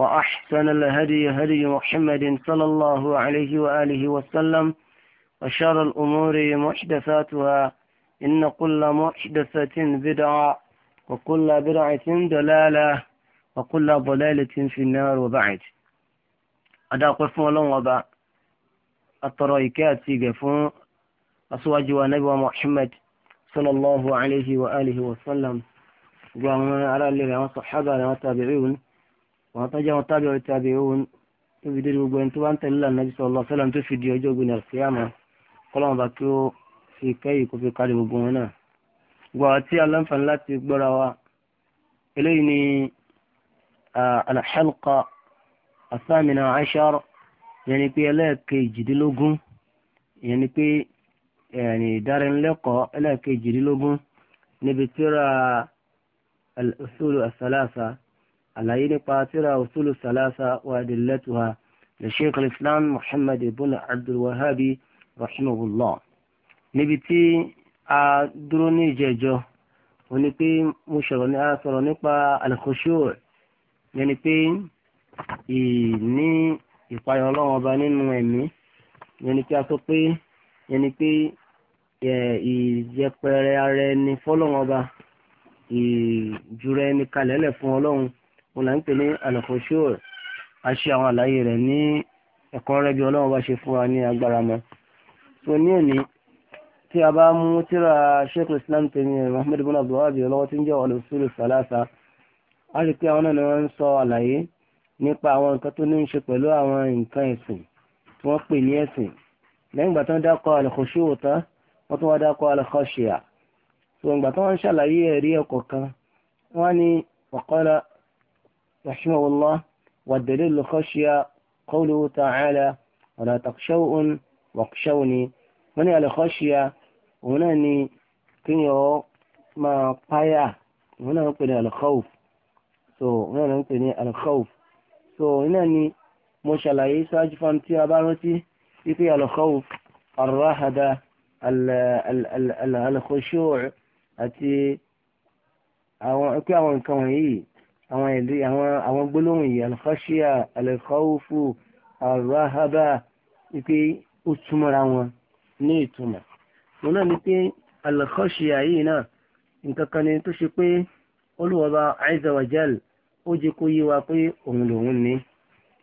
وأحسن الهدي هدي محمد صلى الله عليه وآله وسلم وشر الأمور محدثاتها إن كل محدثة بدعة وكل بدعة دلالة وكل ضلالة في النار وبعد أدا قفوا لهم وبا الترويكات فون أسواج ونبي محمد صلى الله عليه وآله وسلم وعلى على الذين صحابة وتابعون wọn tán jẹ́ wọn tábí ọ̀rẹ́ tábí òun tó fi dé gbogbo ẹni tó bá ń tẹ̀lé lànà bí sọ̀rọ̀ fẹ́lẹ̀ tó fi di ọjọ́ ògbìn àṣeyàmọ́ kọ́lọ́mù bá kí ó fi kẹ́yìn kó fi kárí gbogbo wọn náà. gbọ́ àti aláǹfààní láti gbọ́ra wa eléyìí ni alḥalqa asámìnà ashar yẹn ni pé ẹlẹ́ẹ̀kejìdínlógún yẹn ni pé ìdánilẹ́kọ̀ọ́ ẹlẹ́ẹ̀kejìdínlógún níbi tíra al-usulu as àlàyé nípa tírà usulu salasa wa adillatuha lè sheikh al-islam muhammad ibn abdulwahabi rahimahullah níbi tí a dúró ní ìjẹ́jọ́ ó ní pé mo sọ̀rọ̀ nípa al-khushu' yẹni pé ìní ìpayọ̀ ọlọ́run ọba nínú ẹ̀mí yẹni pé a sọ pé yẹni pé ìyẹpẹrẹ ara ẹni fọlọ́run ọba ìjùrẹ́ ẹni kalẹ̀lẹ̀ fún ọlọ́run wọn là ń pè ní alùpùpù a ṣe àwọn àlàyé rẹ̀ ní ẹ̀kọ́ rẹ́bí ọlọ́run bá ṣe fún wa ní agbára mọ́ so ní òní tí a bá mú tíra sheikh islam tẹ̀mí muhammed bin abdullahi abiy ọlọ́wọ́ tí ń jẹ́ al-usul salasa a rí pé àwọn náà ni wọ́n ń sọ àlàyé nípa àwọn nǹkan tó ní í ṣe pẹ̀lú àwọn nǹkan ẹ̀sìn tí wọ́n pè ní ẹ̀sìn lẹ́yìn ìgbà tó ń dákọ̀ al-khushu tán wọ́n wá dákọ̀ al-khashia so ìgbà tó wọ́n ń ṣàlàyé ẹ̀rí ẹ̀kọ̀ọ̀kan wọ́n ní wa qala رحمه الله والدليل الخشية قوله تعالى ولا تخشون واخشوني wọ́n ní àlẹ́kọ́ṣíà òun náà ni kínyàn máa páyà òun náà ń pè ní alkhawf so òun náà ń pè ní alkhawf so òun náà ni mo ṣàlàyé ṣáájú fún tí a bá rántí wípé alkhawf arrahada alkhushu' àti àwọn pé àwọn nǹkan wọ̀nyí àwọn èdè àwọn àwọn gbólóhùn yìí alkhashia alkhawfu arahaba wípé ó túmọ̀ra wọn ní ìtumọ̀ wọn náà ni pé alkhashia yìí náà nǹkan kan ni tó ṣe pé olùwọ́ba azza wa jal ó jẹ́ kó yé wa pé òun lòun ní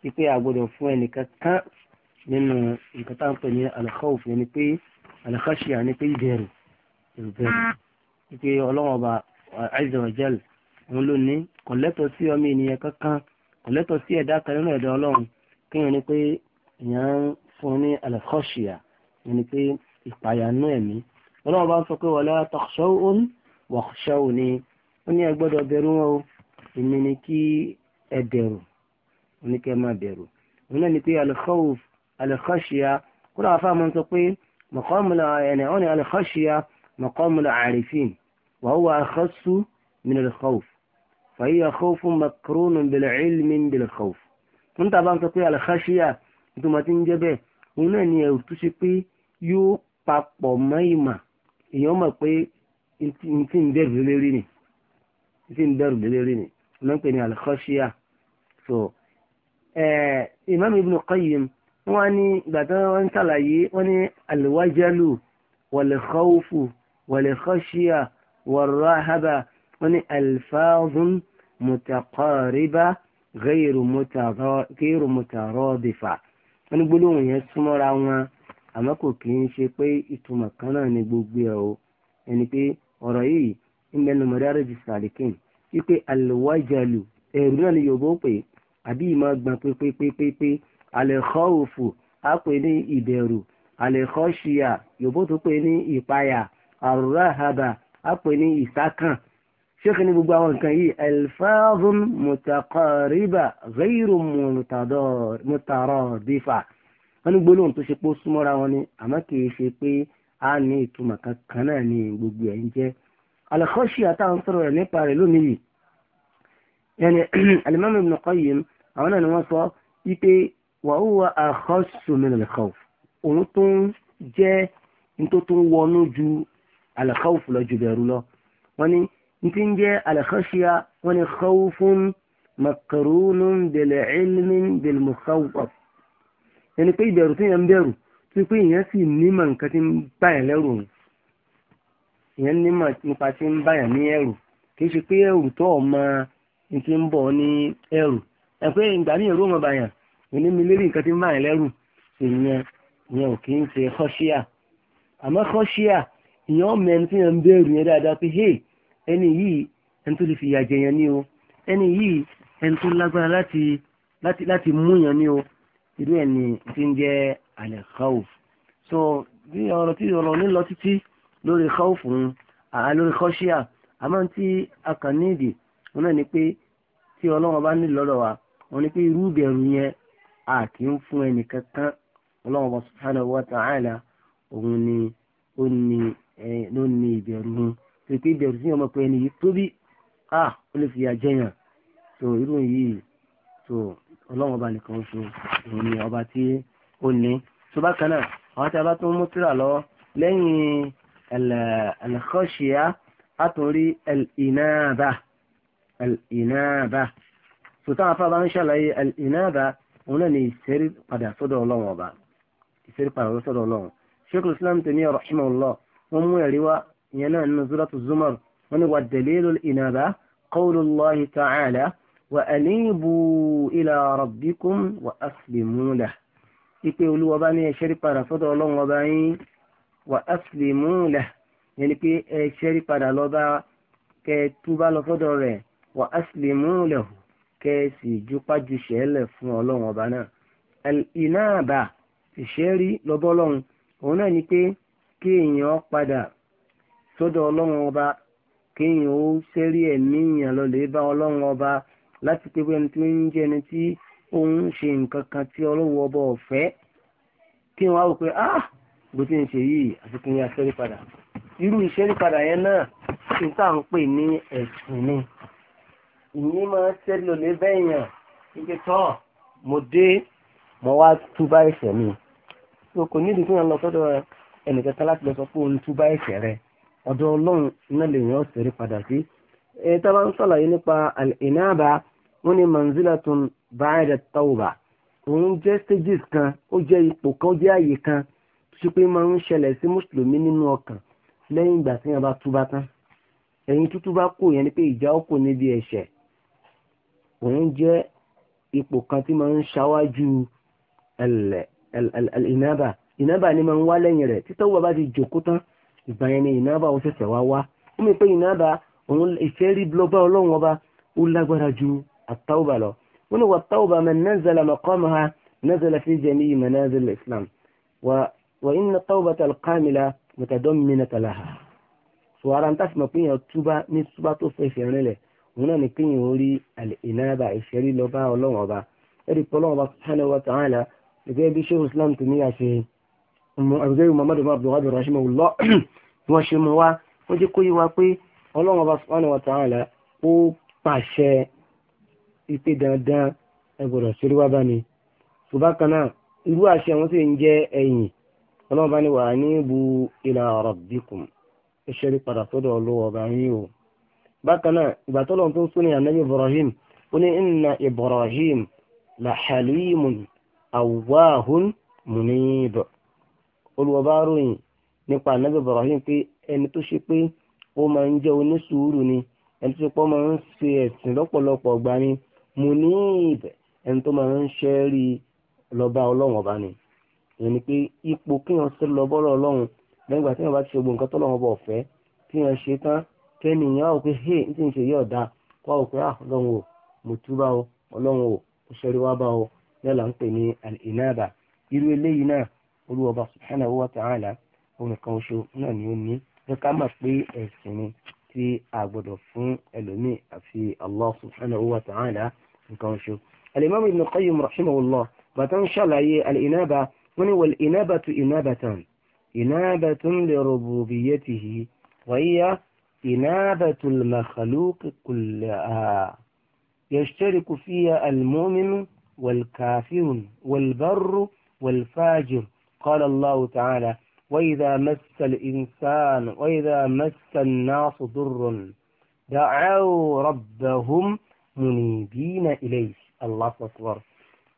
wípé a gbọ́dọ̀ fún ẹnìkan kan nínú nǹkan tá à ń pè ní alkhawf ni pé alkhashia ni pé ìbẹ̀rù ìbẹ̀rù wípé ọlọ́wọ́ba azza òun ló ní kò lẹ́tọ̀ sí ọmọ ènìyàn kankan kò lẹ́tọ̀ sí ẹ̀dá kan nínú ẹ̀dá ọlọ́run kéèyàn ni pé èèyàn ń fún ní alẹ́kọ́ṣìyà ni pé ìpayà nú ẹ̀mí ọlọ́run bá ń sọ pé wala takhshawhum wakhshawni ó ní ẹ gbọ́dọ̀ bẹ̀rù wọn o èmi ni kí ẹ bẹ̀rù oníkẹ́ máa bẹ̀rù òun náà ni pé al kúrò àfa mọ́ sọ pé maqamul ẹ̀nà fàyíyà khawfun makrunun bil ilmin bil khawf ń tàbá ń sọ pé alkhashia tó máa ti ń jẹ́ bẹ́ẹ̀ òun náà ni ẹ̀rù tó ṣe pé yóò papọ̀ mọ́ ìmà èèyàn mọ̀ pé n ti ń bẹ̀rù lélẹ́rìí ni n ti ń bẹ̀rù lélẹ́rìí ni wọ́n ń pè ní alkhashia so imam ibn qayyim wọ́n ní ìgbà tí wọ́n ń ṣàlàyé wọ́n ní alwajalu wal khawfu wal khashia wal rahaba wọ́n ní alfáàzùn mùtàkọ́rìbá gẹ́rù mùtàrọ́dìfà wọ́n ní gbólóhùn yẹn súnmọ́ra wọn àmọ́ kò kì í ṣe pé ìtumọ̀ kan náà ni gbogbo ẹ̀ o ẹni pé ọ̀rọ̀ yìí ń bẹnu mọ̀dára jù sàlìkìn wípé alwajalu ẹ̀rù náà ni yòówó pé àbí ìmọ̀ gbọ̀n pépépépé alẹ́kọ́ọ̀fù á pè ní ìbẹ̀rù alẹ́kọ́ṣíà yòówó tó pè ní ìpayà àrùráhàbà á pè ní ìsákàn ṣéèkì ní gbogbo àwọn nǹkan yìí alfazun mutaqariba ghayru mutaradifa wọ́n ní gbólóhùn tó ṣe pé ó súnmọ́ra wọn ni àmọ́ kì í ṣe pé a ní ìtumọ̀ kankan náà ní gbogbo ẹ̀ ń jẹ́ alakọ́ṣì àtàwọn sọ̀rọ̀ rẹ̀ nípa rẹ̀ lónìí yìí yẹni al-Imam Ibn Qayyim àwọn náà ni wọ́n sọ wípé wa huwa akhassu òun tó ń jẹ́ nítorí tó ń wọnú ju al lọ ju bẹ̀rù lọ wọ́n ní tí ń jẹ́ alẹ́kọ́ṣíà wọ́n ní khawfun makarunun bẹ̀lẹ̀ ilmin bẹ̀lẹ̀ mukhawwaf ẹni pé ìbẹ̀rù tí yẹn ń bẹ̀rù tí pé ìyẹn sì nímọ̀ nǹkan tí ń báyàn lẹ́rù ìyẹn nímọ̀ nípa tí ń báyàn ní ẹ̀rù kì í ṣe pé ẹ̀rù tó ọmọ ní ti ń bọ̀ ní ẹ̀rù ẹ̀ pé ìgbà ní ẹ̀rù ọmọ bàyàn ìní mi lérí nǹkan tí ń báyàn lẹ́rù ìyẹn ìyẹn ò kì í ṣe khashia àmọ́ khashia ìyẹn ọmọ ẹni tí yẹn ń bẹ̀rù yẹn dáadáa pé hey ẹni yìí ẹni tó lè fi ìyà jẹyàn ní o ẹni yìí ẹni tó lágbára láti láti láti múyàn ní o irú ẹni tí ń jẹ́ alẹ́ khawf so bí ọ̀rọ̀ tí ọ̀rọ̀ ní lọ títí lórí khawf fún àá lórí khashia àmọ́ tí a kàn ní ìdì wọn náà ni pé tí ọlọ́run bá nílò lọ́dọ̀ wa wọn ni pé irú ìbẹ̀rù yẹn a kì í fún ẹnì kankan ọlọ́run bá subhanahu wa ta'ala òun ni ó ní ìbẹ̀rù yẹn pèpè ìbẹ̀rù sí ọmọ pé ẹni yìí tóbi a ó lè fi àjẹyàn tó irú yìí tó ọlọ́run ọba nìkan ṣo òun ni ọba tí ó ní tó bá kan náà àwọn tí a bá tún mú tírà lọ lẹ́yìn al-khashya a tún rí al-inaba al-inaba tó táwọn afá bá ń ṣàlàyé al òun náà ni ìṣẹ́rí padà sọ́dọ̀ ọlọ́run ọba ìṣẹ́rí padà sọ́dọ̀ ọlọ́run Sheikhul Islam Taymiyya rahimahullah wọ́n mú ẹ̀rí ìyẹn náà nínú suratu zumar wọ́n ní wà dalilul inaba qawlullahi ta'ala wa anibu ila rabbikum wa aslimu lah ipe olúwa bá ní ẹ̀ṣẹ́rí padà sọ́dọ̀ ọlọ́run ọba yín wa aslimu lah yẹn ni pé ẹ̀ṣẹ́rí padà lọ́ba kẹ́ túbá lọ sọ́dọ̀ rẹ̀ wa aslimu lahu kẹ́ẹ̀sì ìjúpájú ṣẹlẹ̀ fún ọlọ́run ọba náà iná ìṣẹ́rí lọ́bọ́lọ́run òun náà ni pé kí èèyàn padà sọ́dọ̀ ọlọ́run ọba kéèyàn ó ṣẹ́rí ẹ̀mí èèyàn lọ́lẹ̀ bá ọlọ́run ọba láti pé ẹni tí ń jẹ́ ẹni tí òun ṣe nǹkan kan tí ọlọ́run ọba ọ̀fẹ́ kí wọ́n á wò pé ah bó ti ń ṣe yìí àti kí n yà ṣẹ́rí padà irú ìṣẹ́rí padà yẹn náà kí n táà ń pè ní ẹ̀sùn ni ìyín máa ṣẹ́rí lọ́lẹ̀ bẹ́yàn ike tọ́ mo dé mo wá túbá ẹ̀ṣẹ̀ mi so kò nídìí kí wọ́n lọ sọ́dọ̀ láti lọ sọ pé òun túbá ẹ̀ṣẹ̀ rẹ̀ ọ̀dọ̀ ọlọ́run náà lè yàn ọ̀sẹ̀ rí padà sí. ẹ tábà ń sàlàyé nípa al-inaba wọn ni manzilatun ba'da tawba òun jẹ́ stages kan ó jẹ́ ipò kan ó jẹ́ àyè kan tó ṣe pé máa ń ṣẹlẹ̀ sí mùsùlùmí nínú ọkàn lẹ́yìn ìgbà tí wọ́n bá túbá tán ẹ̀yin tútú bá kù yẹn ni pé ìjà ó kù níbi ẹ̀ṣẹ̀ òun jẹ́ ipò kan tí máa ń ṣáwájú ẹ̀lẹ̀ ẹ̀lẹ̀ ni máa ń wá lẹ́yìn rẹ̀ títọ́wọ́ bá ti jòkó tán ìgbà yẹn ni ìnáàbà ó ṣẹ̀ṣẹ̀ wá wá ó mi pé ìnáàbà òun ìfẹ́ rí blọba ọlọ́run ọba ó lágbára ju àtàwùbà lọ wọn ni wà táwùbà man nazala maqamaha nazala fi jami'i manazil islam wà inna tawbata al-kamila mutadamminata laha so ara ń tà fún mi pé yẹn túbá ní túbá tó fẹ́ fẹ́ rìn òun náà ni pé yẹn orí ìnáàbà ìfẹ́ rí lọ́ba ọlọ́run ọba àbúgbẹ́rù muhammadu abdulhadu rahimahullah wọ́n ṣe mú wa wọ́n jẹ́ kó yí wa pé ọlọ́run ọba subhanahu wa ta'ala ó pàṣẹ ipe dandan ẹ gbọ́dọ̀ ṣeré wá bá mi ṣùgbọ́n kan náà irú àṣẹ àwọn sì ń jẹ́ ẹ̀yìn ọlọ́run bá ní wà ní ibu ila rabbikum ẹ ṣẹ́rí padà sọ́dọ̀ ọlọ́wọ́ ọba yín o bákan náà ìgbà tó lọ́n tó ń súnni ànábì ibrahim ó ní inna ibrahim la halimun awahun olùwọ́bá ròyìn nípa ànábì Ibrahim pé ẹni tó ṣe pé ó máa ń jẹ́ onísùúrù ni ẹni tó ṣe pé ó máa ń ṣe ẹ̀sìn lọ́pọ̀lọpọ̀ ọgbà ni munib ẹni tó máa ń ṣe rí lọ́ba ọlọ́run ọba ni ìyẹn ni pé ipò kí wọ́n ṣe lọ bọ́lọ̀ ọlọ́run lẹ́yìn ìgbà tí wọ́n bá ti ṣe gbogbo nǹkan tó lọ́wọ́ bọ̀ fẹ́ kí wọ́n ṣe tán kẹ́ni ìyá ò pé hey n tí ń ṣe yí ọ̀dà kọ́ ò pé ah, ọlọ́run o mo túbà o ọlọ́run o mo ṣẹ́rí wá bá o yálà ń pè ní al-inaba irú eléyìí náà olúwọba subhanahu wa ta'ala òun nìkan oṣù náà ni ó ní pé ká mọ̀ pé ẹ̀sìn ni pe ka ma pe esin ni ti a gbọ́dọ̀ fún ẹlòmíì àfi allah subhanahu wa ta'ala nìkan oṣù. al-imam ibn qayyim rahimahullah bàtà ń ṣàlàyé al-inaba wọn ni wal inabatu inabatan inabatun li rububiyyatihi wa hiya inabatu al-makhluq kullaha يشترك فيها المؤمن والكافر والبر والفاجر قال الله تعالى وإذا مس الإنسان وإذا مس الناس ضر دعوا ربهم منيبين إليه الله أكبر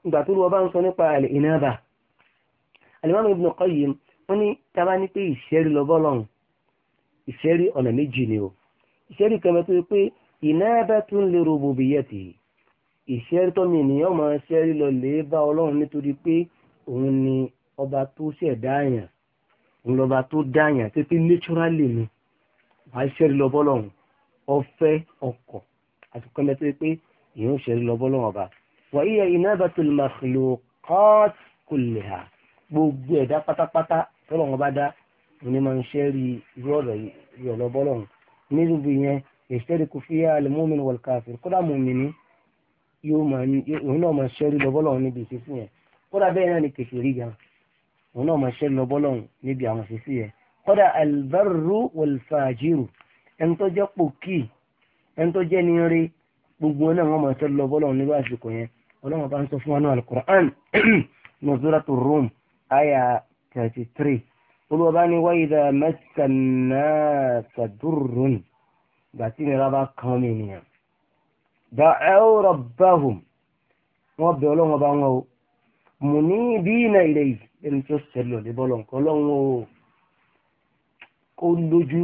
nígbà tó lọ bá ń sọ nípa àlìnáàbà alimami ibn Qayyim wọ́n ní taba ní pé ìṣẹ́rí lọ bọ́lọ́hùn ìṣẹ́rí ọ̀nà méjì ni o ìṣẹ́rí kẹmẹ tó yẹ pé ìnáàbà tún lè rububiyyati ìṣẹ́rí tọ́mi ènìyàn máa ṣẹ́rí lọ lè bá ọlọ́run nítorí pé òun ni ọba tó ṣẹ̀dá àyàn ńlọba tó dá àyàn títí naturally ni wàá ṣẹ́rí lọ bọ́lọ́hún ọ̀fẹ́ ọkọ̀ àti kọ́mẹ́tẹ́ pé ìyẹn ò ṣẹ́rí lọ bọ́lọ́hún ọba. wa hiya inabatul makhluqat kulliha gbogbo ẹ̀dá pátápátá tọ́lọ́hún ọba dá ni máa ń ṣẹ́rí irú ọ̀rọ̀ yọ̀ lọ bọ́lọ́hún níbi yẹn yashtariku fiha al-mu'min wal-kafir kódà mùmìnì yóò máa ń ṣẹ́rí lọ níbi ìṣesí yẹn kódà bẹ́ẹ̀ náà ni kèfèrí gan-an òun náà máa ṣe lọ bọ́lọ́hùn níbi àwọn ṣíṣí yẹn kódà albarru wàlfàjìrù ẹni tó jẹ́ pòkì ẹni tó jẹ́ nírí gbogbo náà wọ́n máa ṣe lọ bọ́lọ́hùn níbi àsìkò yẹn ọlọ́run bá ń sọ fún wa náà alukur'an nuzuratu rum aya thirty three olùwà bá ní wáyídà mẹ́sàn-án sàdúrún gbàtí nira bá kàn mí nìyẹn da'u rabbahum wọ́n bẹ̀ ọlọ́run bá wọn o munibina ilayhi ẹni tí ó sẹ́lẹ̀ ọ̀lẹ́ bọ́lọ̀ nǹkan ọlọ́run o kó lójú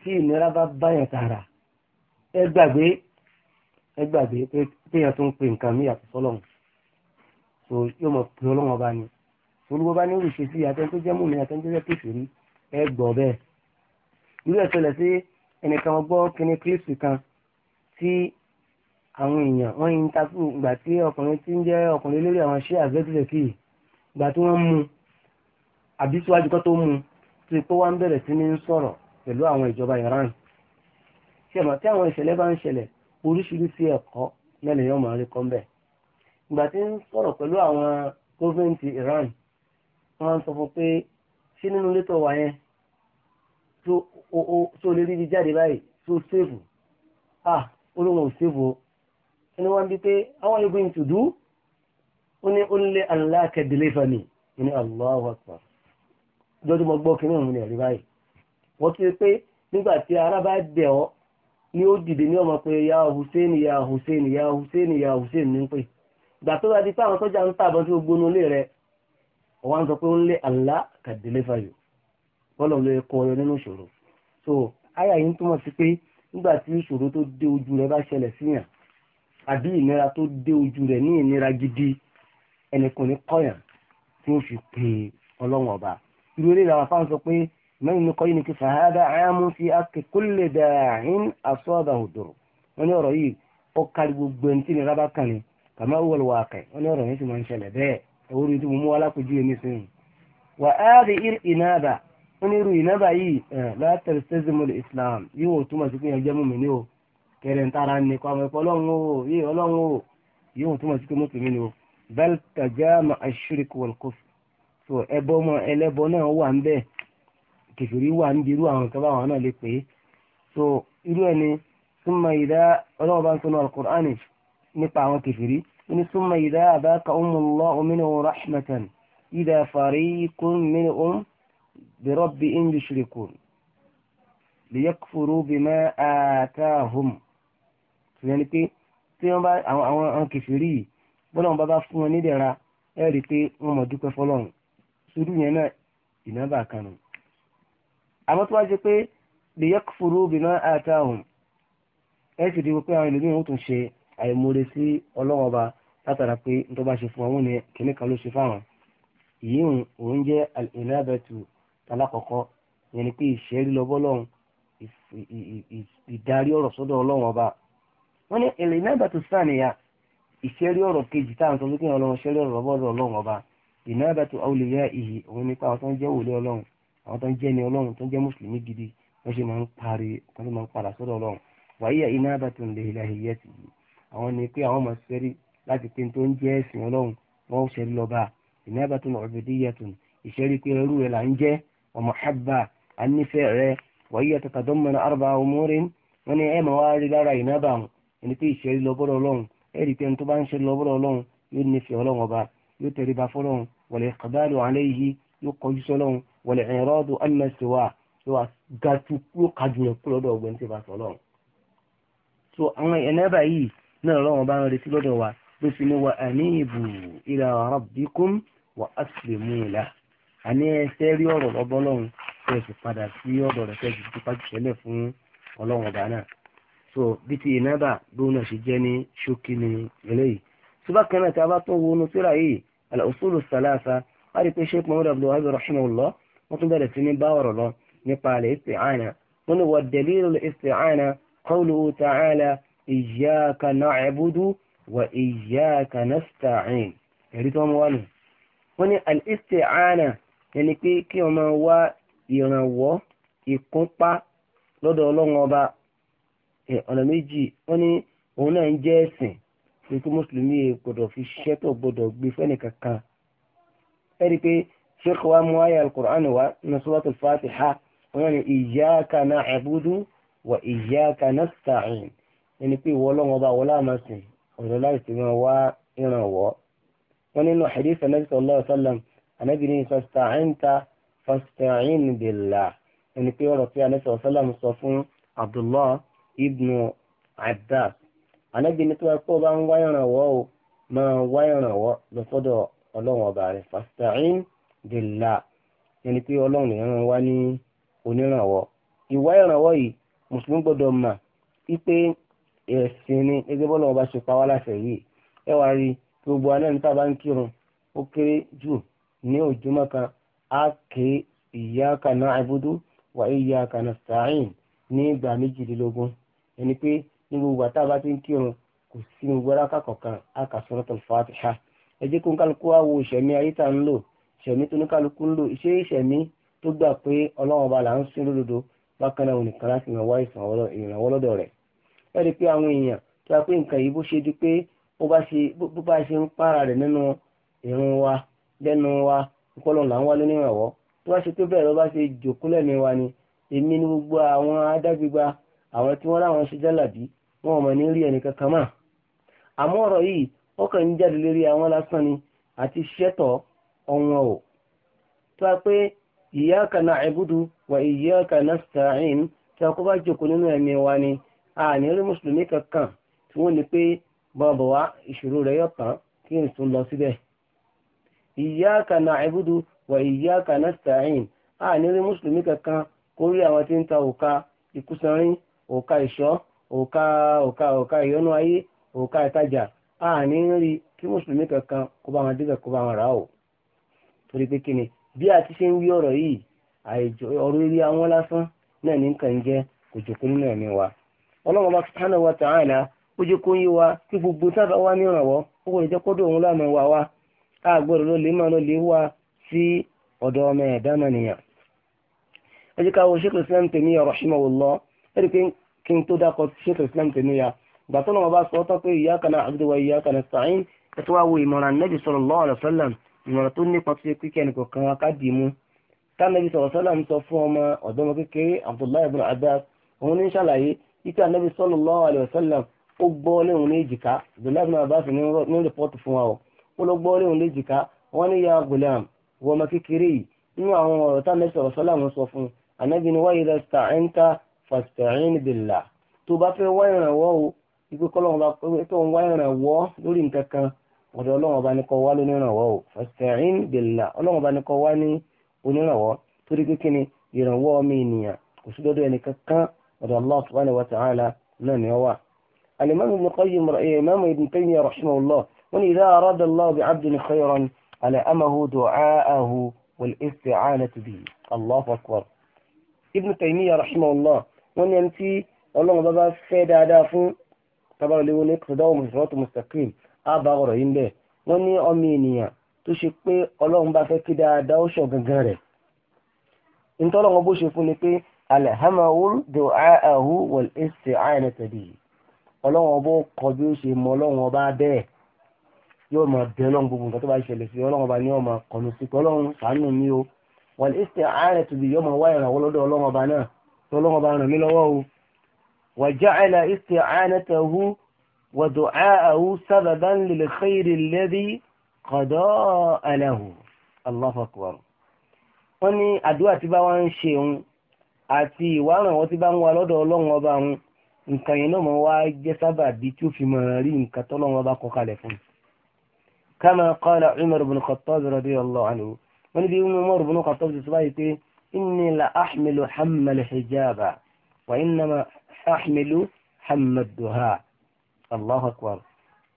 tí ìnira bá báyàn tààrà ẹ gbàgbé ẹ gbàgbé péyàn tó ń pe nǹkan mí yàtọ̀ sọ́lọ́run so yóò mọ̀ pé ọlọ́run ọba ni olùwọ́ bá ní òrìṣẹ́ sí àtẹ́ńtó jẹ́ múmi àtẹ́ńtó jẹ́ kékeré ẹ gbọ́ bẹ́ẹ̀ irú ẹ̀ ṣẹlẹ̀ sí ẹnìkan gbọ́ kíní kílípù kan tí àwọn èèyàn wọ́n yin ta ìgbà tí ọkùnrin tí ń jẹ́ ọkùnrin lórí àwọn ṣé àgbẹ̀tìlẹ̀ kì í ìgbà tí wọ́n mú àbí síwájú kan tó mú tó ipò wa bẹ̀rẹ̀ sí ní sọ̀rọ̀ pẹ̀lú àwọn ìjọba Iran ṣẹ̀mọ̀ tí àwọn ìṣẹ̀lẹ̀ bá ń ṣẹlẹ̀ oríṣiríṣi ẹ̀kọ́ mẹ́lẹ̀ yóò máa rí kọ́ mbẹ̀ ìgbà tí ń sọ̀rọ̀ pẹ̀lú àwọn gọ́fẹ̀ntì Iran wọ́n sọ fún pé ṣé nínú létọ̀ wà yẹn tó lè rí jáde báyìí tó ṣèfù ah olóhùn ò ṣèfù o inú wọn bí pé how are you going to do ó ní only Allah can deliver me ó ní Allahu Akbar lọ́dún mo gbọ́ kínní òun ni ẹ̀rí báyìí wọ́n ti pé nígbà tí ara bá dẹ̀ ọ́ ni ó dìde ní ọmọ pé ya Hussein ya Hussein ya Hussein ya Hussein ní pé ìgbà tó bá di pé àwọn sọ́jà ń tàbọn tí ó gbónú lé rẹ̀ wọ́n sọ pé ó ń lé Allah can deliver you bọ́lọ̀ ló kọ ọyọ nínú ìṣòro so aya yìí ń túmọ̀ sí pé nígbà tí ìṣòro tó dé ojú rẹ̀ bá ṣẹlẹ̀ síyàn àbí ìnira tó dé ojú rẹ̀ ní ìnira gidi ẹnìkan ní kọyàn tí ó fi pe ọlọ́run ọba irú eré làwọn afáàn sọ pé mẹ́rin ní kọ́yìn ní kí fàhádà àyàmú fi akẹ́kọ̀ọ́lẹ̀ dàáhín àsọ́ọ̀dà òdòrò wọ́n ní ọ̀rọ̀ yìí ó kárí gbogbo ẹni tí ní rábà kan ni kàmá wọlé wà kẹ́ wọ́n ní ọ̀rọ̀ yẹn sì máa ń ṣẹlẹ̀ bẹ́ẹ̀ ẹ̀wọ́n rí tí mo mú alákòjú yẹn nísìnyí. wà á rí ir ìnáàbà wọ́n ní irú ìnáàbà yìí eh, látàrí sẹ́sìmọ́lì Islam yóò túmọ̀ sí pé ẹ̀jẹ̀ mú mi ní o kẹrẹ ń tara ní kọ́ ọmọ ẹ̀kọ́ ọlọ́run o yìí ọlọ́run o yìí wọ́n túmọ̀ sí pé mùsùlùmí ni o bẹ́ẹ̀ tàjà mà àṣírìkù wọ̀lkọ́fù so ẹbọ ọmọ ẹlẹ́bọ náà wà ń bẹ́ẹ̀ kẹfìrí wà ń dirú àwọn kan báwọn náà lè pè é so irú ẹni súnmọ́ ìdá ọlọ́run bá ń sọnù alukur'ani nípa àwọn kẹfìrí ní súnmọ́ ìdá àbáka ọmọlọ́ omínú rahmatan ìdá fàríkún mínú um bẹ̀rọ̀ bí ń yushrikun lè yẹ kúrú ìyẹn ni pé tí wọ́n bá àwọn àwọn kẹfìrí yìí bọ́lá wọn bá bá fún wọn nídẹ̀ra ẹ rí i pé wọ́n mọ̀ dúpẹ́ fọlọ́run sùúrù yẹn náà ìnábà kanu. àmọ́ tó wá jẹ́ pé lèyẹ́kùfúrú bìnnà àtàwọn ẹ sì rí i pé àwọn ẹlòmíràn ó tún ṣe àìmọ̀re sí ọlọ́wọ́n ọba látara pé n tó bá ṣe fún àwọn kìnnì kan ló ṣe fáwọn. ìyíhùn òun jẹ́ ìnábẹ̀tù alákọ̀ọ́kọ́ yẹn ni pé ìṣẹ́rí lọ bọ́lọ́run ìdarí ọ̀rọ̀ sọ́dọ̀ ọlọ́wọ́n ọba wọ́n ní èlé nábàtú sàníyà ìṣẹ́rí ọ̀rọ̀ kejì tá à ń sọ lókè ọlọ́run ṣẹ́rí ọ̀rọ̀ bọ́ọ̀rọ̀ ọlọ́run ọba ìnábàtú àwòlẹ́yà ìhì òun nípa àwọn tó ń jẹ́ wòlé ọlọ́run àwọn tó ń jẹ́ ni ọlọ́run tó ń jẹ́ mùsùlùmí gidi wọ́n ṣe máa ń parí wọ́n ṣe máa ń padà sọ́dọ̀ ọlọ́run wàyíyà ìnábàtú lèhìláhìyẹ ti yìí àwọn ni pé àwọn máa ṣẹ́rí tó ń jẹ́ ẹ̀sìn ọlọ́run wọ́n ṣẹ́rí lọ́ba ìnábàtú pé ẹrú ẹni pé ìṣẹ́rí lọ bọ́dọ̀ ọlọ́run ẹ̀rí pé ẹni tó bá ń ṣẹ́rí lọ bọ́dọ̀ ọlọ́run yóò nífẹ̀ẹ́ ọlọ́run ọba yóò tẹríba fọlọ́run wal iqbalu alayhi yóò kọjú sọlọ́run wal i'radu amma yóò ga tu yóò ka yẹn kúrò ọgbẹ́ni tí ba sọlọ́run. so àwọn ẹ̀nẹ́bà yìí náà ọlọ́run ọba ń retí lọ́dọ̀ wa ló fi ní wa anibu ila rabbikum wa aslimu lahu àní ẹsẹ̀ rí ọ̀rọ̀ lọ́bọ́ ọlọ́run fẹ́ẹ́ padà sí ọ̀dọ̀ rẹ̀ fẹ́ẹ́ sì so bí ti ìnábà bóun náà ṣe jẹ́ ní ṣókí ni eléyìí tó bá kan náà tí a bá tún wo inú síra yìí al-usulu salasa a rí pé sheikh muhammad abdulwahab rahimahullah wọ́n tún bẹ̀rẹ̀ sí ní bá ọ̀rọ̀ lọ nípa al-isti'ana wọ́n ní wa dalilu al-isti'ana qawluhu ta'ala iyyaka na'budu wa iyyaka nasta'in ẹ̀rí tó ń wá nù wọ́n ní al-isti'ana ẹni pé kí wọ́n máa wá ìrànwọ́ ìkúnpá lọ́dọ̀ ọ̀nà méjì wọ́n ní òun náà ń jẹ́ ẹ̀sìn pé kí mùsùlùmí gbọ́dọ̀ fi ṣẹ́tọ̀ gbọ́dọ̀ gbé fẹ́ni kankan ẹ rí i pé sheikh wa mu aya alukur'an wa ní suratul fatiha wọn ní iyyaka na'budu wa iyyaka nasta'in ẹni pé ìwọ ọlọ́run ọba wọlé àmàsìn ọ̀dọ̀ láì sí máa wá ìrànwọ́ wọn nínú hadith anabi sallallahu alaihi wa ní fasta'inta fasta'in ẹni pé ọ̀rọ̀ pé anabi sallallahu sọ fún abdullah ibnu abbas anábì ní tó wá pé ó bá ń wá ìrànwọ́ o máa wá ìrànwọ́ lọ sọ́dọ̀ ọlọ́run ọba rẹ̀ fasta'in billah ẹni pé ọlọ́run nìyẹn wá ní onírànwọ́ ìwá ìrànwọ́ yìí mùsùlùmí gbọ́dọ̀ mà wípé ẹ̀sìn ni gẹ́gẹ́ bọ́lá ọba ṣe pa wá láṣẹ yìí ẹ wá rí gbogbo alẹ́ níta bá ń kírun ó kéré jù ní òjúmọ́ kan á ké iyyaka na'budu wa iyyaka nasta'in ní ìgbà méjìlélógún ẹni pé ní gbogbo àtà bá ti ń kírun kò sí gbogbo ara kàkọ̀kan àkàsọ́rọ̀tọ̀ fàtíhà ẹ jẹ́ kó ń kálukú wá wo ìṣẹ̀mí ayé tá ń lò ìṣẹ̀mí tó ní kálukú ń lò ṣé ìṣẹ̀mí tó gbà pé ọlọ́run ọba là ń sin lódodo bákan náà nìkan láti ràn wá ìrànwọ́ lọ́dọ̀ rẹ̀ ẹ rí i pé àwọn èèyàn tó wá pé nǹkan yìí bó ṣe di pé bó bá ṣe ń para rẹ̀ nínú ìrun wa lẹ́nu wa ìkọlọ̀ là ń wá lónìí ìrànwọ́ tó wá ṣe pé bẹ́ẹ̀ lọ́ bá ṣe jòkúlẹ̀ mi wa ni èmi ni gbogbo àwọn adágbégbá àwọn tí wọ́n láwọn ṣe jálàbí wọn ò mọ̀ ní rí ẹnìkan kan mà àmọ́ ọ̀rọ̀ yìí ń jáde lérí àwọn lásán ni àti o tó a pé wa tí a kó bá jòkó nínú ẹ̀mí wa ni a ní rí mùsùlùmí kankan tí wọ́n ní pé wá ìṣòro rẹ̀ tán kí n tún lọ síbẹ̀ a ní òka ìṣọ́ òka òka òka ìyọnú ayé òka ìtajà àní ń rí kí mùsùlùmí kankan kó bá wọn débẹ̀ kó bá wọn rà ó torí pé bí a ti ṣe ń wí ọ̀rọ̀ yìí àìjọ ọ̀rọ̀ eré àwọn lásán náà ní nǹkan jẹ́ kò jòkó nínú ẹ̀mí wa ọlọ́run bá subhanahu wa ta'ala ó jẹ́ kó ń wa kí gbogbo sábà wá ní ìrànwọ́ ó kò lè jẹ́ kó dùn òun wa wá a gbọ́dọ̀ ló lè lè wá sí ọ̀dọ̀ ọmọ ẹ̀dá mọ̀nìyàn. ẹ ẹ̀rí pé kí n tó dákọ̀ Sheikh Islam Taymiya gbàtọ́ náà bá sọ ọ́ tán pé iyyaka na'budu wa iyyaka nasta'in ẹ tó wá wo ìmọ̀ràn Nabi sallallahu alaihi wasallam ìmọ̀ràn tó nípa tó ṣe kíkẹ́ nìkan kan ká dì í mú tánàbí sallallahu alaihi wasallam sọ fún ọmọ ọ̀dọ́mọ kékeré Abdullahi ibn Abbas òun ní ṣàlàyé ìtàn Nabi sallallahu alaihi wasallam ó gbọ́ léhun ní èjìká Abdullahi ibn Abbas ní rìpọ́tù fún wa ó lọ gbọ́ léhun ní èjìká wọ́n ní ya gulam wọ́n ọmọ kékeré yìí nínú àwọn ọ̀rọ̀ tánàbí sallallahu alaihi wasallam sọ fún anábìnrin wáyé lọ́sítà ẹ̀ńtà fasta'in billah tó bá fẹ́ wá ìrànwọ́ o ipe kọ́lọ́wọ́n bá pé tó ń wá ìrànwọ́ lórí nǹkan kan ọ̀dọ̀ ọlọ́wọ́n bá ní kọ́ wá lóní ìrànwọ́ o fasta'in billah ọlọ́wọ́n bá ní kọ́ wá ní onírànwọ́ torí pé kíni ìrànwọ́ ọmọ ènìyàn kò sí dọ́dọ̀ ẹnìkan kan ọ̀dọ̀ Allah subhanahu wa ta'ala náà ni ó ابن تيمية رحمه الله wọ́n ní ẹni tí ọlọ́run bá bá fẹ́ dáadáa fún tábàrọ̀ léwu ní kòtòdáwò mùsùlùmọ́tò mustaqim á ọ̀rọ̀ yìí ń bẹ̀ wọ́n ní ọmọ ènìyàn tó ṣe pé ọlọ́run bá fẹ́ kí dáadáa ó ṣàn gangan rẹ̀ ntọ́lọ́run bó ṣe fún ni pé alhamahul du'aahu wal isti'anata bihi ọlọ́run ọba kọ bí ó ṣe mọ ọlọ́run ọba bẹ́ẹ̀ yóò máa bẹ ọlọ́run gbogbo nǹkan tó bá ṣẹlẹ̀ sí ọlọ́run ọba ni yóò máa kọ̀nù sí pé ọlọ́run ṣàánú mi o wal isti'anata bihi yóò máa wá ìrànwọ́ lọ́dọ̀ ọlọ́run ọba náà tọ́lọ́wọ́ bá ràn mí lọ́wọ́ o wa ja'ala isti'anatahu wa du'a'ahu sababan lil khayri alladhi qada'a lahu Allahu akbar wọ́n ní àdúrà tí bá wá ń ṣe òun àti ìwáràn wọn tí bá ń wá lọ́dọ̀ ọlọ́run ọba òun nǹkan yẹn náà mọ̀ wá jẹ́ sábà bí tí ó fi mọ̀ rí nǹkan tọ́lọ́run ọba kọ kalẹ̀ fún un. kama إني لا أحمل هم الحجاب وإنما أحمل هم الدهاء الله أكبر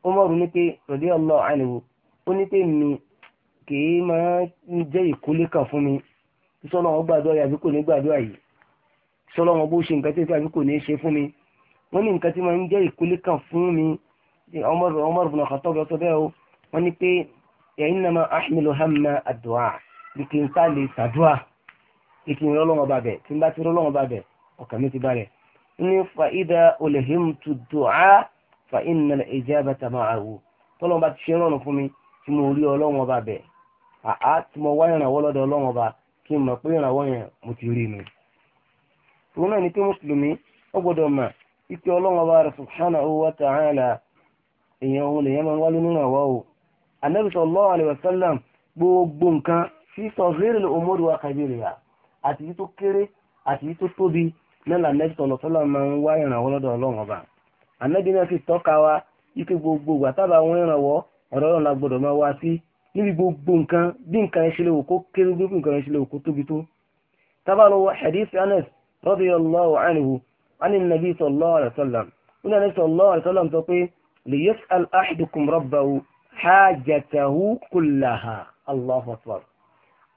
Umar ní pé radiyallahu anhu ó ní pé mi kìí máa ń jẹ́ ìkólé kan fún mi sọ́lọ́ wọn gbàdúrà yàbí kò ní gbàdúrà yìí sọ́lọ́ wọn bó ṣe nǹkan tí ó yàbí kò ní ṣe fún mi wọ́n ní nǹkan tí máa ń jẹ́ ìkólé kan fún mi Umar Umar ibn Khattab sọ bẹ́ẹ̀ o wọ́n ní pé innama ahmilu hamma ad-du'a bí kì í sá lè ṣàdúrà. ikinyere ọlọ́wọ́n bá bẹ̀ ti rí ọlọ́wọ́n bá bẹ̀ ọkàn fa idà olèhìmtu dùá fa iná ìjà bàtà máa wò tọ́lọ́wọ́n bá ti ṣe rọrùn fún mi tí mo rí ọlọ́wọ́n bá bẹ̀ àá tí mo wá ìrànwọ́ lọ́dọ̀ ọlọ́wọ́n bá kí n mọ̀ pé ìrànwọ́ mo ti rí mi. òun náà ni pé mùsùlùmí ó gbogbo nǹkan wa ya àti yìí tó kéré àti yìí tó tóbi nílà nẹ́bí sọ̀lọ̀ sọ́lọ̀ máa ń wá ìrànwọ́ lọ́dọ̀ ọlọ́run ọba ànẹ́bí náà sì tọ́ka wa ike gbogbo ìgbà tábà wọn ìrànwọ́ ọ̀rọ̀ ọ̀rọ̀ gbọ́dọ̀ máa wá sí níbi gbogbo nǹkan bí nǹkan ẹṣin lè kéré bí nǹkan ẹṣin lè tóbi tó. tábà lọ wọ hadith Anas radiyallahu anhu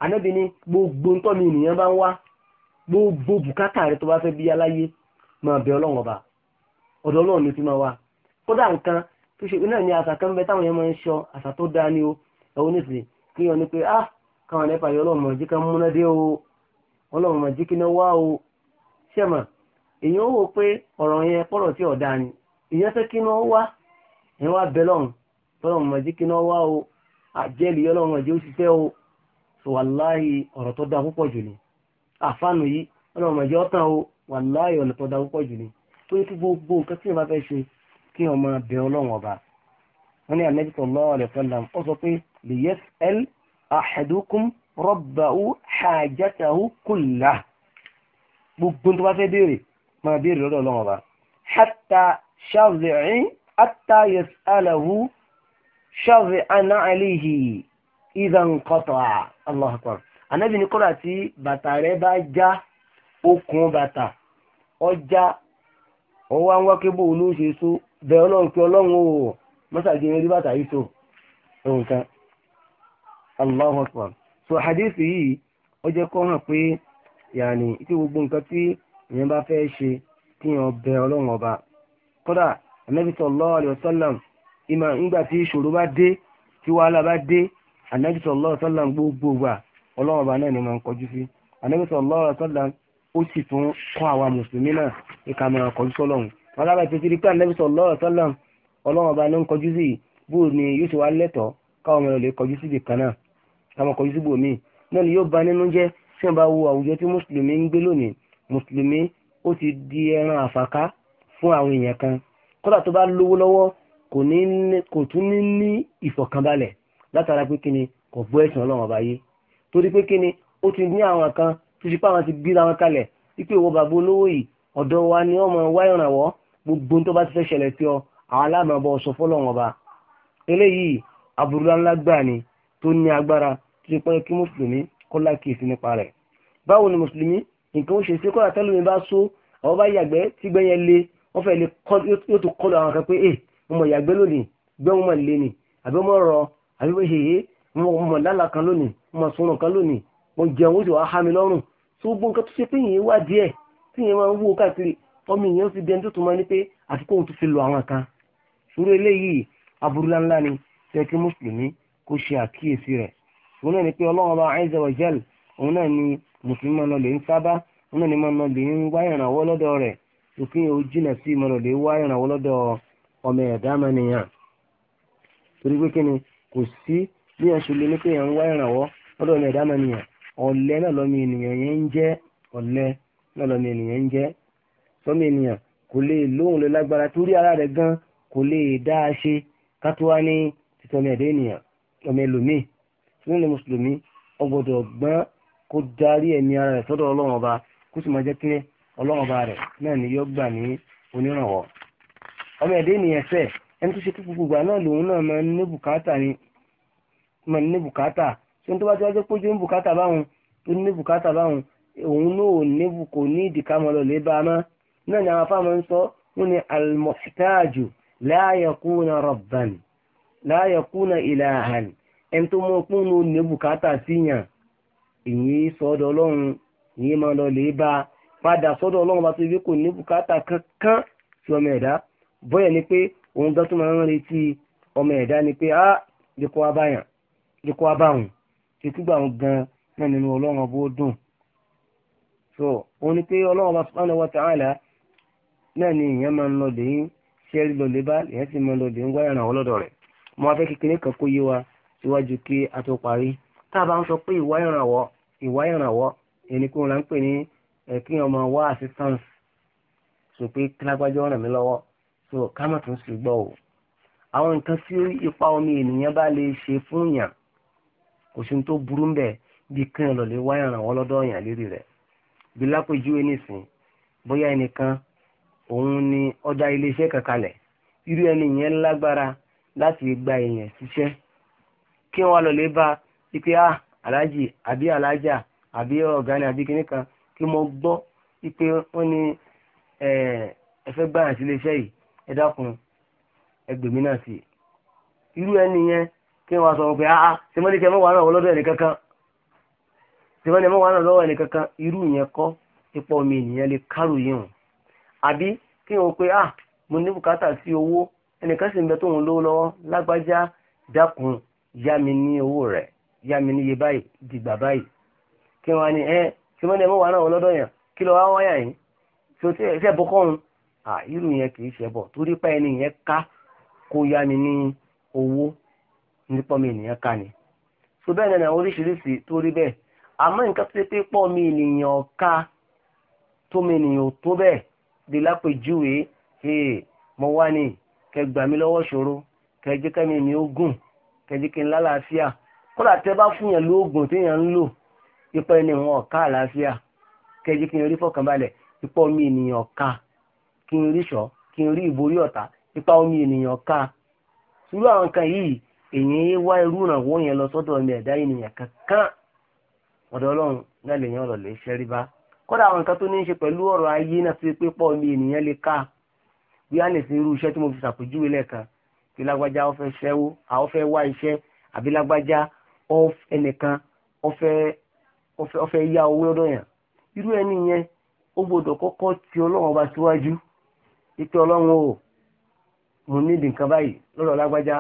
anábì ní gbogbo ń tọ́mi ènìyàn bá ń wá gbogbo bùkátà rẹ tó bá fẹ́ bí aláyé máa bẹ ọlọ́run ọba ọ̀dọ̀ ọlọ́run ni ti máa wá kódà nǹkan tó ṣe náà ni àṣà kan bẹ táwọn yẹn máa ń ṣọ àṣà tó dáa ni o ẹ̀wọ́n ní sì kí wọn ni pé ah káwọn nípa yọ ọlọ́run mọ̀jí kan múná dé o ọlọ́run mọ̀jí kí náà wá o ṣẹ̀mà èyàn ó wò pé ọ̀rọ̀ yẹn pọ̀rọ̀ tí ọ̀dà ni èyàn fẹ́ kí náà wá ẹ̀ wá bẹ lọ́run ọlọ́run mọ̀jí kí náà wá o àjẹ́lì ọlọ́run mọ̀jí ó ṣiṣẹ́ o so wàláyé ọ̀rọ̀ tó dá púpọ̀ jù ni àfánù yìí ọlọ́run mọ̀jẹ́ ọ̀tàn o wàláyé ọ̀nà tó dá púpọ̀ jù ni tó yẹ kí gbogbo nǹkan tí yẹn bá fẹ́ ṣe kí wọ́n máa bẹ ọlọ́run ọba wọ́n ní anabi sallallahu alaihi wasallam ó sọ pé liyas'al ahadukum rabbahu hajatahu kullah gbogbo tó bá fẹ́ béèrè máa béèrè lọ́dọ̀ ọlọ́run ọba hatta shazi'in hatta idan qata'a Allahu akbar anabi ní kọ́ra tí bàtà rẹ̀ bá já okùn bàtà ọjà ọwọ́ àwọn akébò olóṣè so bẹ́ẹ̀ ọlọ́run pé ọlọ́run ò mọ́sàgé rí bàtà yìí so ẹ̀wọ̀n kan Allahu akbar so hadith yìí ó jẹ́ kó hàn pé yàní tí gbogbo nǹkan tí èèyàn bá fẹ́ ṣe kí èèyàn bẹ ọlọ́run ọba kódà anabi sallallahu alaihi wasallam ìmọ̀ nígbà tí ìṣòro bá dé tí wàhálà bá dé ànábì sallallahu alaihi wasallam gbogbo wa ọlọ́run ọba náà ni máa ń kọjú sí ànábì sallallahu alaihi wasallam ó sì tún kọ́ àwa mùsùlùmí náà ìka mìíràn kọjú sọ́lọ́run wọn lábàá ti tiri pé ànábì sallallahu alaihi wasallam ọlọ́run ọba ló ń kọjú sí bó ni yóò ṣe wá lẹ́tọ̀ọ́ káwọn ọmọ rẹ̀ kọjú síbi kan náà káwọn kọjú síbò míì náà ni yóò ba nínú jẹ́ tí wọ́n bá wo àwùjọ tí mùsùlùmí ń gbé lónìí mùsùlùmí ó ti di ẹran àfàká fún àwọn èèyàn kan kódà tó bá lówó lọ́wọ́ kò tún ní ní ìfọ̀kànbalẹ̀ látara pé kíni kò gbọ́ ẹ̀sìn ọlọ́run ọba yé torí pé kíni ó ti ní àwọn kan tó ti pa àwọn ti gbéra wọn kalẹ̀ wípé ìwọ bàbá olówó yìí ọ̀dọ̀ wa ni ọmọ wá ìrànwọ́ gbogbo tó bá ti fẹ́ ṣẹlẹ̀ sí ọ àwọn aláàmọ̀bọ sọ fọlọ́run ọba eléyìí aburú ńlá gbà ni tó ní agbára tó ti pẹ́ kí mùsùlùmí kó lákìsí nípa rẹ̀ báwo ni mùsùlùmí nǹkan ó ṣe sí kọ́ra tẹ́lómi bá so àwọn bá yàgbẹ́ tí gbẹ́yẹn le wọ́n fẹ́ lè yóò tó kọlu àwọn kan pé ẹ eh, mo mọ̀ yàgbẹ́ lónìí gbẹ́ mo mọ̀ lé ni àbí mo rọ àbí wọ́n ṣe yé wọ́n mọ̀ lálà kan lónìí wọ́n mọ̀ sunrun kan lónìí wọ́n jẹun ó sì wá há mi lọ́rùn tó gbọ́n kan tó ṣe pé ìyẹn wá díẹ̀ tí ìyẹn máa ń wúwo káàkiri ọmọ ìyẹn fi dẹni tó tún máa ní pé àfikún òun tó fi lọ àwọn kan ṣúrò eléyìí aburú ńláńlá ni tẹ́kí mùsùlùmí kó ṣe àkíyèsí rẹ̀ òun náà ni pé ọlọ́run bá azza wa jal òun náà ni mùsùlùmí máa lọ lè ń ni máa lọ lè ń wá ìrànwọ́ lọ́dọ̀ rẹ̀ òkè ó jìnà sí máa lọ lè wá ìrànwọ́ lọ́dọ̀ ọmọ ẹ̀dá mẹ́niyàn torí kò sí bí yẹn ṣe lè ní pé yẹn ń wá ìrànwọ́ lọ́dọ̀ ọmọ ẹ̀dá na ọ̀lẹ náà lọ́mọ ènìyàn yẹn ń jẹ́ ọ̀lẹ náà lọ́mọ ènìyàn ń jẹ́ sọ́mọ ènìyàn kò lè lóhùn lè lágbára torí ara rẹ̀ gan kò lè dá a ṣe kátó wá ní títọ́mọ ẹ̀dá ènìyàn ọmọ ẹlòmíì sínú ni mùsùlùmí ọgbọ́dọ̀ gbọ́n kó darí ẹ̀mí ara rẹ̀ sọ́dọ̀ ọlọ́run ọba kó sì ni ẹni tó ṣe kí gbogbo ìgbà náà lòun náà máa ń ní bùkátà ni máa ń ní bùkátà ṣé tó bá ti wá jẹ́ pé ó ní bùkátà báwọn tó ní bùkátà báwọn òun náà ò ní kò ní ìdìkámọ́ lọ lé bá a mọ́ náà ni àwọn afáàmọ́ ń sọ wọ́n ní almuhtaaju la yakuna rabban la yakuna ilahan ẹni tó mọ pé òun ò ní bùkátà síyàn ìyìn sọ́dọ̀ ọlọ́run ìyìn máa lọ bá a padà sọ́dọ̀ ọlọ́run bá tó ibi kò ní bùkátà kankan sí ẹ̀dá bóyá ni pé òun gan tó máa ń retí ọmọ ẹ̀dá ni pé ah jẹ́kọ́ abáyàn jẹ́kọ́ abáhùn ìtúgbà òun gan náà nínú ọlọ́run ọbọ̀ dùn so òun ni pé ọlọ́run ọba subhanahu wa ta'ala náà ni ìyẹn máa ń lọ lè ń ṣẹ́rí lọ lè bá ìyẹn sì máa ń lọ lè ń wáyà ràn wọ́n lọ́dọ̀ rẹ̀ mo afẹ́ kékeré kan kó yé wa síwájú kí a tó parí tá a bá ń sọ pé ìwà ìrànwọ́ ìwà ìrànwọ́ ẹni assistance so pé kílágbájọ́ ràn so ká má tún sí gbọ́ o àwọn nǹkan tí ipa omi ènìyàn bá lè ṣe fún yàn kò sí tó burú ń bẹ̀ bí kán lọ wá ìrànwọ́ lọ́dọ̀ yàn lérí rẹ̀ bí lápèjúwe nìsín bóyá ẹnìkan òun ni ọjà iléeṣẹ́ kankalẹ̀ irú ẹni yẹn lágbára láti gba èèyàn ṣiṣẹ́ kí wọ́n lọ bá ipe a ah, aláàjì àbí aláàjà àbí ọ̀gá ni àbí kìnnìkan kí mo gbọ́ ipe wọ́n ní ẹ̀ẹ́fẹ́ gbàyàn sí iléeṣẹ́ yìí ẹ dákun ẹ gbèmí náà sí irú ẹni yẹn kí wọ́n sọ wọn pé ah sèmọ́lì kẹ́ mọ́ wà náà lọ́dọ̀ ẹni kankan sèmọ́lì mọ́ wà náà lọ́wọ́ ẹnì kankan irú yẹn kọ́ omi lè kárò yẹn o àbí kí wọ́n pé ah mo ní bùkátà sí owó ẹnìkan sì ń bẹ tóun lówó lọ́wọ́ lágbájá dákun yá mi ní owó rẹ̀ yá mi iye báyìí dìgbà báyìí kí ẹ sèmọ́lì mọ́ wà náà lọ́dọ̀ yẹn kí wá wáyà yìí tí ó tẹ́ ẹ̀ irú yẹn kì í ṣe bọ̀ torí pé ẹni yẹn ká kó yá ni ní owó nípa mi ènìyàn ká ni so bẹ́ẹ̀ náà oríṣiríṣi tó rí bẹ́ẹ̀ àmọ́ nǹkan tó pé pọ̀ mi ènìyàn ká tó mi ènìyàn ò tó bẹ́ẹ̀ di lápèjúwe mo wá ní kẹ gbà mí lọ́wọ́ ṣòro kẹ jẹ́ kẹ́mi mi ó gùn kẹ jẹ́ kí n lálàáfíà kódà tẹ bá fún yàn lóògùn téèyàn ń lò ipa ẹni wọn ọ̀ka àlàáfíà kẹ jẹ́ kí n rí fọkànbalẹ̀ ipa mi ènìyàn ọ̀ka kí n ríṣọ kí n rí ìborí ọ̀tá ipa omi ènìyàn ká irú àwọn nǹkan yìí èyàn wá irú ìrànwọ́ yẹn lọ sọ́dọ̀ ọmọ ẹ̀dá ènìyàn kankan ọ̀dọ̀ ọlọ́run náà lèyàn ọ̀rọ̀ lè ṣẹ́ rí bá kódà àwọn nǹkan tó ní í ṣe pẹ̀lú ọ̀rọ̀ ayé náà fi pé pọ̀ omi ènìyàn lè ká bí a lè ṣe irú iṣẹ́ tí mo fi ṣàpèjúwe lẹ́ẹ̀kan kí lágbájá ó ṣẹ́wó àwọn wá iṣẹ́ àbí lágbájá ẹnìkan ó fẹ́ owó lọ́dọ̀ yàn irú ẹni yẹn ó gbọ́dọ̀ kọ́kọ́ ti ọlọ́run ọba síwájú ike ọlọ́run o mo nídìí nǹkan báyìí lọ́rọ̀ lágbájá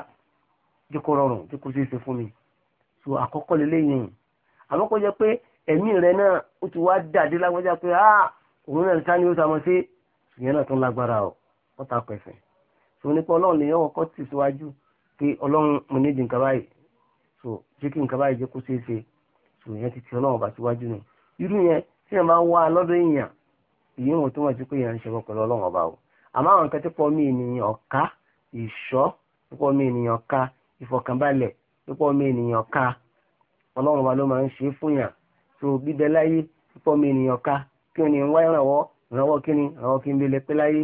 tí kò rọrùn tí kò ṣeéṣe fún mi so àkọ́kọ́ lélẹ́yìn àmọ́ kó jẹ́ pé ẹ̀mí rẹ náà ó ti wá dàdé lágbájá pé ah òun náà ta ni ó sàmọ́ sí ìyẹn náà tún lágbára o wọ́n ta pẹ̀sẹ̀ so nípa ọlọ́run lèyàn kọ́kọ́ tì síwájú pé ọlọ́run mo nídìí nǹkan báyìí so jẹ́ kí nǹkan báyìí jẹ́ kó ṣeéṣe so ìyẹn ti ti ọlọ́run bá síwájú nù irú yẹn tí èèyàn bá wá lọ́dọ̀ èèyàn ìyẹn wọn tó wọ́n ti pé èèyàn ń ṣe pẹ̀lú ọlọ́run ọba o àmọ́ àwọn nǹkan tí pọ̀ mí ènìyàn ká ìṣọ́ pípọ̀ mí ènìyàn ká ìfọ̀kànbalẹ̀ pípọ̀ mí ènìyàn ká ọlọ́run wa ló máa ń ṣe fún yàn tó bíbẹ láyé pípọ̀ mí ènìyàn ká kí ni ń wá ìrànwọ́ ìrànwọ́ kí ni ìrànwọ́ kí n bí lè pé láyé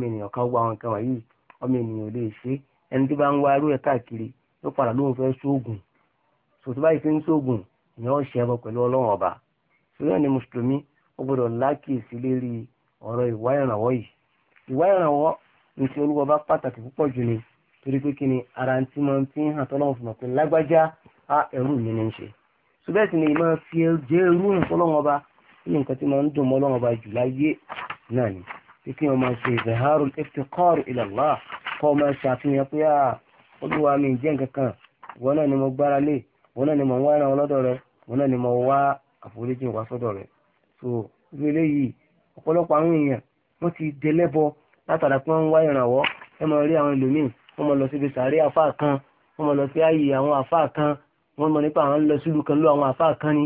mí ènìyàn àwọn nǹkan wọ̀nyí ọmọ ènìyàn ò lè ṣe ẹni tó bá ń wá irú ẹ̀ káàkiri ló padà ìwá ìrànwọ́ ètò olúwa bá pàtàkì púpọ̀ jù ni torí pé kí ni ara ń tí máa ń fi hàn tọ́lọ́wọ́n fún ọ̀pẹ lágbájá á ẹrú mi ní í ṣe ṣùgbọ́n sì ni ìmọ̀ fi jẹ́ irú hàn tọ́lọ́wọ́n ọba nínú nǹkan tí máa ń dùn mọ́ ọlọ́wọ́n ọba jù láyé náà ni pé kí wọ́n máa ṣe ìzẹ̀hárùn kọ́ máa pé olúwa mi jẹ́ nǹkan kan wọn náà ni mo gbára lé wọ́n ti dẹlẹ́bọ látara pé wọ́n ń wá ìrànwọ́ ẹ máa rí àwọn ẹlòmíì wọ́n máa lọ síbi sàárè àfà kan wọ́n máa lọ sí ààyè àwọn àfà kan wọ́n máa nípa àwọn lọ sílùú kan lọ àwọn àfà kan ni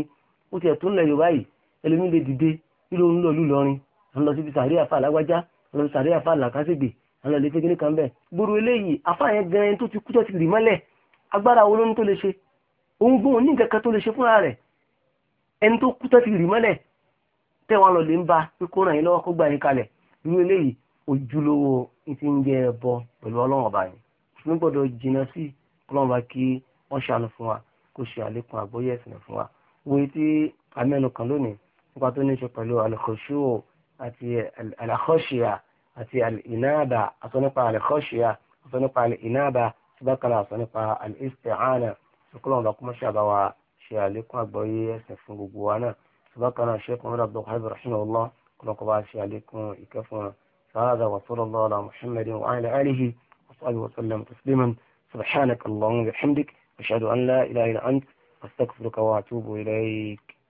ó tiẹ̀ tó ń lẹ̀ yorùbá yìí ẹlòmíì lè dìde nílò ń lọ lùlọrin à ń lọ síbi sàárè àfà lágbájá à ń lọ sàárè àfà làkàṣègbè à ń lọ lépe kíní kan bẹ́ẹ̀ gbòòrò eléyìí àfà yẹn gan tó ti kú tó ti rì mọ́lẹ̀ agbára wo ló ní tó lè ṣe òun gbóhùn ní nǹkan kan tó lè ṣe fúnra rẹ̀ ẹni tó kú tó ti rì mọ́lẹ̀ tẹ́wọ̀n lọ lè ń ba pé kó ràn yín lọ́wọ́ kó gbà yín kalẹ̀ irú eléyìí ojúlówó ti ń jẹ ẹbọ pẹ̀lú ọlọ́run ọba yìí fún gbọ́dọ̀ jìnnà sí ọlọ́run ọba kí wọ́n ṣàánú fún wa kó ṣe àlékún àgbóyè ẹ̀sìn fún wa wo etí amẹ́nu kan lónìí nípa tó ní ṣe pẹ̀lú alẹ́kọ̀ṣù àti alẹ́kọ̀ṣìyà àti ìnáàbà àsọ nípa alẹ́kọ̀ṣìyà àsọ nípa ìnáàbà síbákanà àsọ nípa alẹ́sìtẹ̀hánà ṣùkúrọ̀ ọ̀dọ̀ kọ́mọ́ ṣàbá wa ṣe àlékún àgbóyè ẹ̀sìn fún gbogbo wa náà síbákanà ṣẹ́kùn rẹ̀ abdul هذا وصلى الله على محمد وعلى آله وصحبه وسلم تسليما سبحانك اللهم وبحمدك أشهد أن لا إله إلا أنت أستغفرك وأتوب إليك